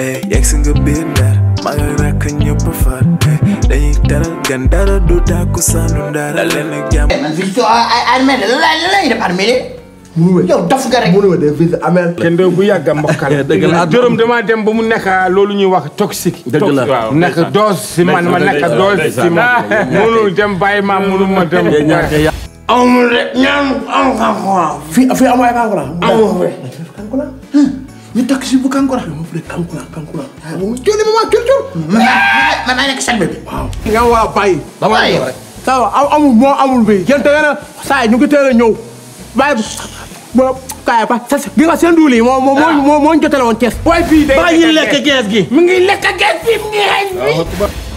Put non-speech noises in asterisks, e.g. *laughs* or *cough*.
Eh, yegg si nga biir ndar mag ak rakk ñëpp far eh, dañuy teral gan dara du tàkku sànnu ndar la leen ak jàmm eh, man visite armée ah, ah, ah, la la lay def armée de mu yow daf nga rek mu de visite amel kenn de bu yàgg a mbokkal *laughs* dëgg la juróom damaa dem ba mu nekk loolu ñuy wax toxique dëgg la nekk dose si man ma nekk dose si man *laughs* mënul dem bàyyi ma mënul ma dem amul de ñaan amul kankola fii fii amul ay kankola amul ñu takk si bu kankura bi ah, ma fële kankura kankura. waaw ma ma joli joli. man man naa nekk sànni bi. waaw. nga waa bàyyi. bàyyi rek. ça amul moo amul saa ñu ngi teel a ñëw bàyyi ba kaay ba sa gi nga seen duul moo moo ah. moo moo ñu jotale woon kees. waaye fii day lekk kees gi. mu ngi lekk kees